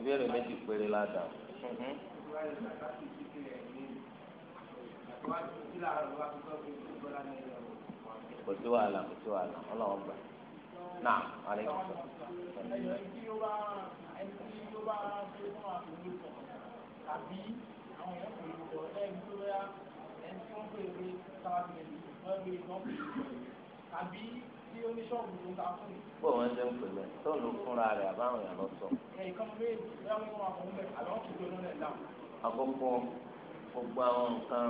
ìbéèrè méjì péré ládàá. Mhm. kò sí wàhálà kò sí wàhálà ọlọ́wọ́ gbà náà wàlẹ́ kò sọ. tàbí tí oníṣọ́ọ̀bù tó ń ta fún mi bó wọn ṣe ń pè lẹ tó ló fúnra rẹ àbáwọn yàrá sọ. àkọ́kọ́ gbogbo àwọn nǹkan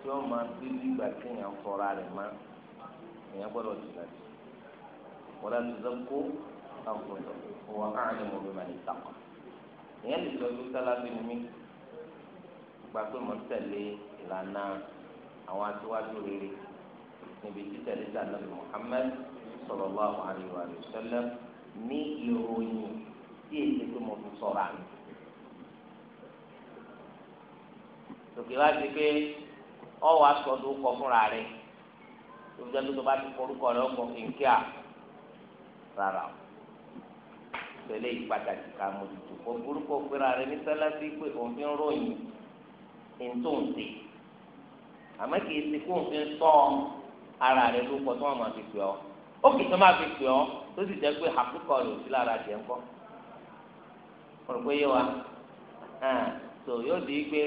tí wọ́n máa bí nígbà tí èèyàn fọ́ra rẹ̀ má èèyàn gbọ́dọ̀ jìnnà sí wọ́n láti sọ kó àǹfọ̀tọ̀ wọ́n àárín mọ̀ bí màá ní sàkọ́. èèyàn lè sọ pé sálábì mi gba pé mo ń tẹ̀lé ìlànà àwọn aṣíwájú rere níbi títẹ̀lé sàlábì Muhammad sallallahu alaihi wa sallam ní ìròyìn tí èyí tó mo fi sọ̀rọ̀ àná. tòkè wá sí pé ọwọ́ aṣọ tó kọ fúnra rẹ̀ tó fi jẹ́ tó bá ti forúkọ rẹ̀ ọkọ̀ kínkíà rárá o tẹ̀lé ìpàtàkì ká mójútó kó burúkú pera rẹ̀ ní sẹ́lẹ̀sì pé òun fi ń ròyìn ìtòǹtè àmọ́ kì í ti kó òun fi ń sọ ara rẹ̀ lóko tí wọ́n máa fi pè ọ́ ó kì í sọ máa fi pè ọ́ tó sì jẹ́ pé àkókò rẹ̀ ò sí lára jẹ́ ńkọ́ mo pé yé wa tó yóò di pé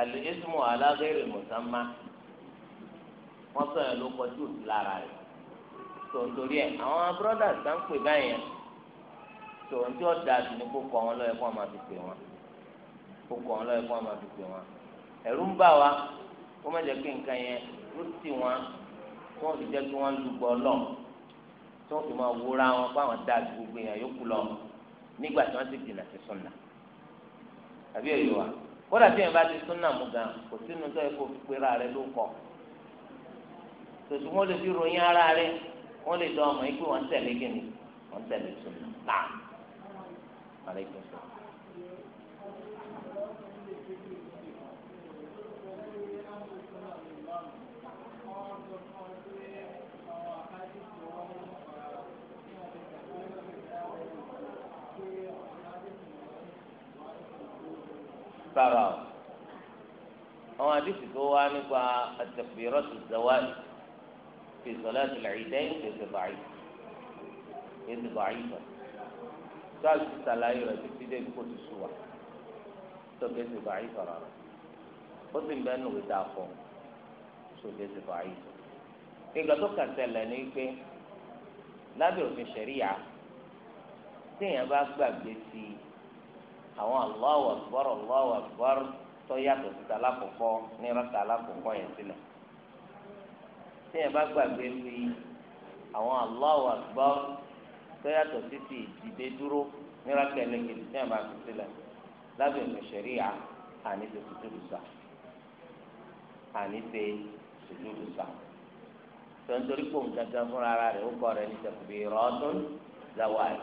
àlè ismu alágẹ̀rẹ̀ wọ́n sọ yẹn ló kọ tí lára rẹ̀ tó nítorí ẹ̀ àwọn brọ́dà sá ń pè báyẹn tó ní tí ó da sí ni kó kọ́ wọn lọ́yẹ̀ kó wọn máa fi pè wọn kó kọ́ wọn lọ́yẹ̀ kó wọn máa fi pè wọn ẹ̀rú ń bà wá kó má jẹ́ pé nǹkan yẹn ló tì wọn kó wọn fi jẹ́ kí wọ́n lùgbọ́ lọ́ọ̀ tí wọ́n fi máa wúra wọn fún àwọn dáa ju gbogbo èèyàn yókù lọ nígbà tí wọ́n ti dìnnà sí súnà àbí èyí wa kódà tí èèyàn bá ti súnà mú gan kò sínú tó yẹ kó fi pera rẹ ló kọ tòṣù wọn lè fi ròyìn ara rẹ wọn lè dán ọmọ yìí pé wọn tẹ̀lé kíni wọn tẹ̀lé súnà náà. sára o àwọn àdìsí tó wá nípa àtẹ̀fẹ̀rọ̀ tó zawali fi salatil idayn ètò báyìí ètò báyìí kan sáàlù ti sàlàyé rẹ̀ títí dé kó ti sùn wá tóbi ètò báyìí kan rárá ó sì ń bẹ́ẹ̀ nù wíta fọ́ tóbi ètò báyìí kan ìgbà tó kà tẹ̀lẹ̀ ní pé lábẹ́ òfin ṣẹ̀ríyà téèyàn bá gbàgbé sí àwọn Allah Akbar Allah Akbar tó yàtọ̀ síta lákòókò ní rákà lákòókò yẹn sílẹ̀ tí yẹn bá gbàgbé fi àwọn Allahu Akbar tó yàtọ̀ sí ti ìdìde dúró ní rákà ẹlẹ́gẹ̀dẹ̀ tí yẹn bá fi sílẹ̀ lábẹ́ ìmọ̀ṣẹ̀rí à àní ti sùjúdù sá àní ti sùjúdù sá tó ń torí pòun fúnra rẹ̀ ó kọ́ rẹ̀ ní takbiratu zawal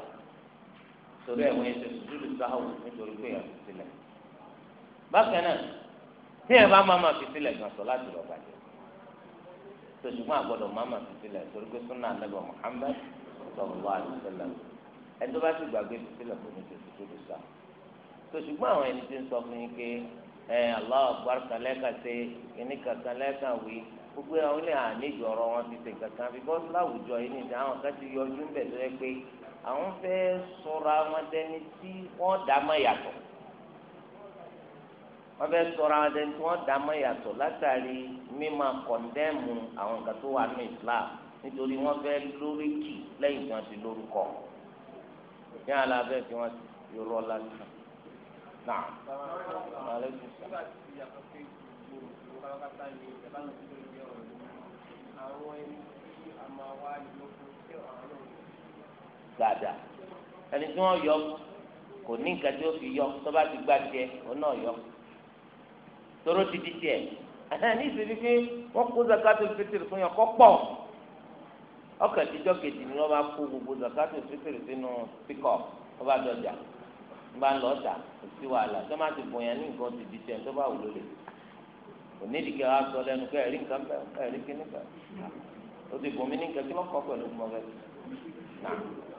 torí ẹ̀ wọ́n ṣe sùdúrù sáwù nítorí pé ẹ̀ fi sílẹ̀ bákan náà tí ẹ̀ bá máa ma fi sílẹ̀ gan sọ láti lọ bàjẹ́ sọ̀tùmọ́ àgbọ̀dọ̀ máa ma fi sílẹ̀ torí pé súnà àlẹ́bọ̀ Muhammad sọ̀rọ̀ àdùsẹ́lẹ̀ ẹ̀ tó bá ti gbàgbé fi sílẹ̀ kò ní ṣe sùdúrù sáwù sọ̀tùmọ́ àwọn ẹni tí ń sọ fún yín pé ẹ aláwọ̀ gbárùkà lẹ́ka ṣe kíní kankan lẹ́ka wí gbogbo àwọn ilé àníjọ ọ̀rọ̀ wọn ti ṣe kankan bí bọ́sùlá àwùjọ yìí nìjà àwọn kan yọjú ń bẹ̀ tó pé àwọn fẹ́ sọ̀rọ̀ àwọn dẹni tí wọ́n dá mọ́ yàtọ̀ wọ́n fẹ́ sọ̀rọ̀ àwọn dẹni tí wọ́n dá mọ́ yàtọ̀ látàrí mímọ kọ̀ndẹ́mù àwọn nǹkan tó wà ní Islam nítorí wọ́n fẹ́ lórí kì lẹ́yìn tí wọ́n ti lórúkọ ní alábẹ́ tí wọ́n ti rọ́ lásán náà alẹ́kùn sọ. àwọn ẹni tí a máa wá yọ fún àwọn náà dáadáa ẹni tí wọ́n yọ kò ní nǹkan tí ó fi yọ tó bá ti gbá tiẹ̀ òun náà yọ tóró ti di tiẹ̀ ní ìsinmi pé wọ́n kó zakatul fitr fún yàn kọ́ pọ̀ ọkàn tíjọ́ kejì ni wọ́n bá kó gbogbo zakatul fitr sínú píkọ̀ wọ́n bá dọjà wọ́n bá ń lọ ọ̀tà kò sí wàhálà tó má ti bọ̀yàn ní nǹkan ti di tiẹ̀ tó bá wù lólè onídìgẹ wa sọ lẹ́nu pé ẹrí nǹkan bẹ ẹrí kíní bẹ o ti bùnmi ní nǹkan kí lọkọ pẹ̀lú mọ bẹ náà.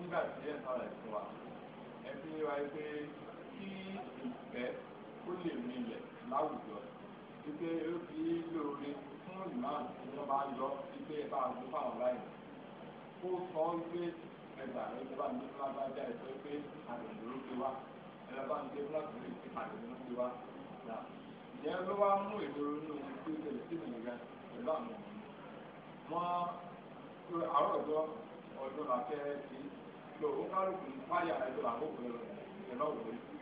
nígbà tí ẹ̀ sọ̀rọ̀ ẹ̀ fún wa ẹ fi wá pé kí ìfẹ́ ó lè rinlẹ̀ láwùjọ wípé ó fi lóore fún ìmáàmù tí wọ́n bá yọ wípé bá a gbé fáwọn láyé ó sọ wípé ẹgbà rẹ ti bá ní lágbájá ẹ sọ pé àgbẹ̀dẹ̀ ló fi wá ẹ̀rọ bá ń gbé fúlàkùnrin ti àgbẹ̀dẹ̀ ló fi wá ìyẹn ló wá mú ìdúró nínú tí ó tẹ̀lé sí ìnira pẹ̀lú àwọn ọmọ wọn àárọ̀ ọjọ́ ọdún afẹ́rẹ́ sí lọ ó ká lóògùn fáyà ẹjọ àkókò ìrọ̀lẹ́ òwe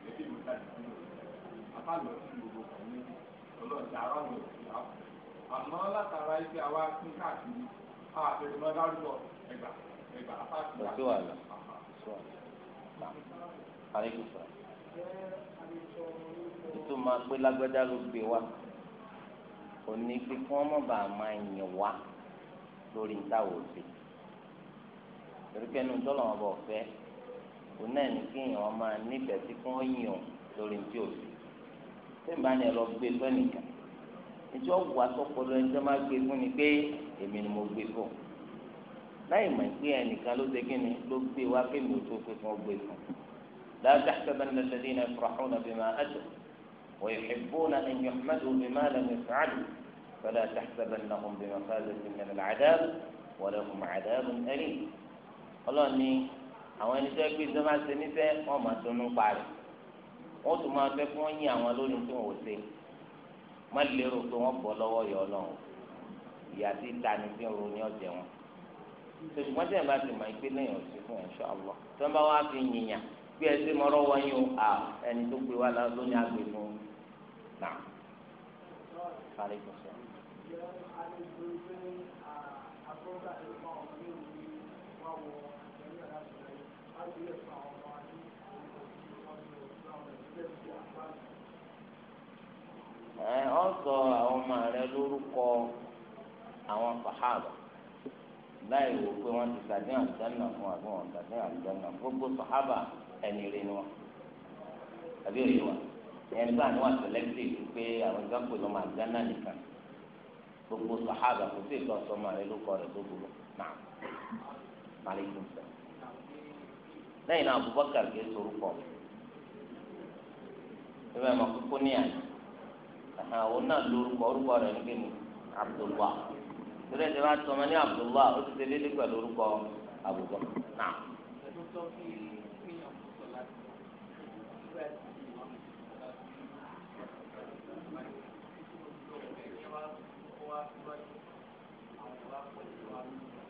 ẹbí mi ta ìdí mi apá lọ sí gbogbo kan ní ọlọ́ọ̀dà ara mi ò sí àpò àmọ́ látara ife àwa pín káàkiri a àbẹ̀rẹ̀ mọ́ dárúkọ ẹgbà ẹgbà apá kí wà. ọ̀sẹ̀ wà lọ àríkùsọ̀ pé lágbájá ló gbé wa òní pé kí wọ́n mọ̀ bá máa yìn wá lórí ìtawọ̀ òsè torípé nu tó lọ́wọ́ bọ̀ fẹ́ òun náà ní kí èèyàn máa nífẹ̀ẹ́ sí kí wọ́n yàn lórí tí ò sí bẹ́ẹ̀ bá ní ẹ lọ gbé lọ́nìkan ìjọ wà sọ́kọlọ ẹni tó máa gbé fún ni pé èmi ni mo gbé fún láì mọ̀ pé ẹnìkan ló ṣe kí ni ló gbé wá pé mi ò tó pé fún ọ gbé fún láti àtẹ́bẹ́ ní lọ́sẹ̀dé iná ìfọ̀rọ̀hún náà fi máa ẹ̀jọ̀ wọ́n yóò ṣèbó náà ẹni yóò mẹ́tò máa lẹ́nu ìfọ̀rọ̀dù fẹ́lẹ́ àtẹ́bẹ́ náà kò bí wọ́n lẹ́kùn àdáàbò ẹ̀rí ọlọ́run ní àwọn ẹni tó ẹ gbé tó máa ṣe níṣẹ́ wọn máa tó nú parí wọn tún máa fẹ́ kí wọ́n yín àwọn lónìí tó wò ṣe má lérò pé wọ́n bọ́ lọ́wọ́ yọ ọlọ́run ìyá tí ta ni fi ń ro ní ọ̀jẹ̀ wọn ṣùgbọ́n tí ẹ̀ bá ti mọ̀ ìpínlẹ̀ yẹn ò sí fún ẹ̀ ṣọ́ọ̀lọ́ tí wọ́n bá wá fi yìnyàn bí ẹ ṣe mọ̀rọ̀ wọ́nyí o à ẹni tó gbé wa lónìí àgbè fún nà. Thank you. ẹ ọ sọ àwọn ọmọ rẹ lórúkọ àwọn sàhábà láì wò pé wọn ti sàdé àlùjáná fún àbí wọn sàdé àlùjáná gbogbo sàhábà ẹni rẹ ni wọn àbí wa ẹni bá ní wà pé àwọn gbogbo sàhábà kò sí rẹ lórúkọ rẹ gbogbo aleykum sẹlẹ lẹ́yìn náà Abubakar kì í sorúkọ ìbẹ mọ kókó ní àná àwọn náà lórúkọ orúkọ rẹ̀ ní kíni Abdullah torí ẹsẹ bá tọmọ ní Abdullah ó ti ṣe lédè pẹ̀lú orúkọ Abubakar náà.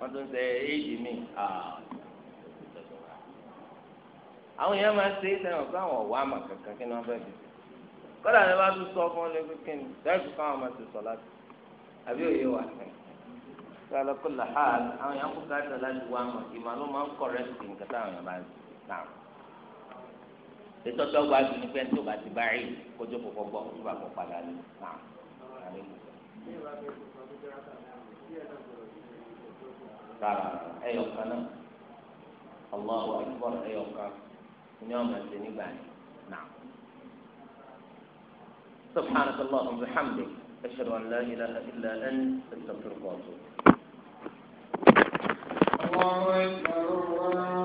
wọ́n tún ṣe éèdì mi ah. àwọn èèyàn máa ń ṣe é sẹ́wọ̀n fún àwọn ọ̀wá àmà kankan kí ni wọ́n fẹ́ fi ṣe kọ́dà ni wọ́n á tún sọ fún ọ lẹ́gbẹ́ kí ni dẹ́kun káwọn máa ṣe sọ láti àbí òye wà sẹ́yìn sọlọ́kù làhàl àwọn èèyàn kò ká tẹ̀lé láti wá mọ̀ ìmọ̀ ló máa ń kọ̀rẹ́tì nǹkan táwọn èèyàn bá ń nà. ìtọ́jú ọgbà ju ní pẹ́ńtì òbá ti báyìí kójú kò gbọ́ kó bá padà lè nà. rárá ẹyọ kan náà Allahu akbar ẹyọ kan ní ọmọ ẹsẹ nígbà yẹn náà. سبحانك اللهم وبحمدك أشهد أن لا إله إلا أنت أستغفرك وأتوب الله أكبر الله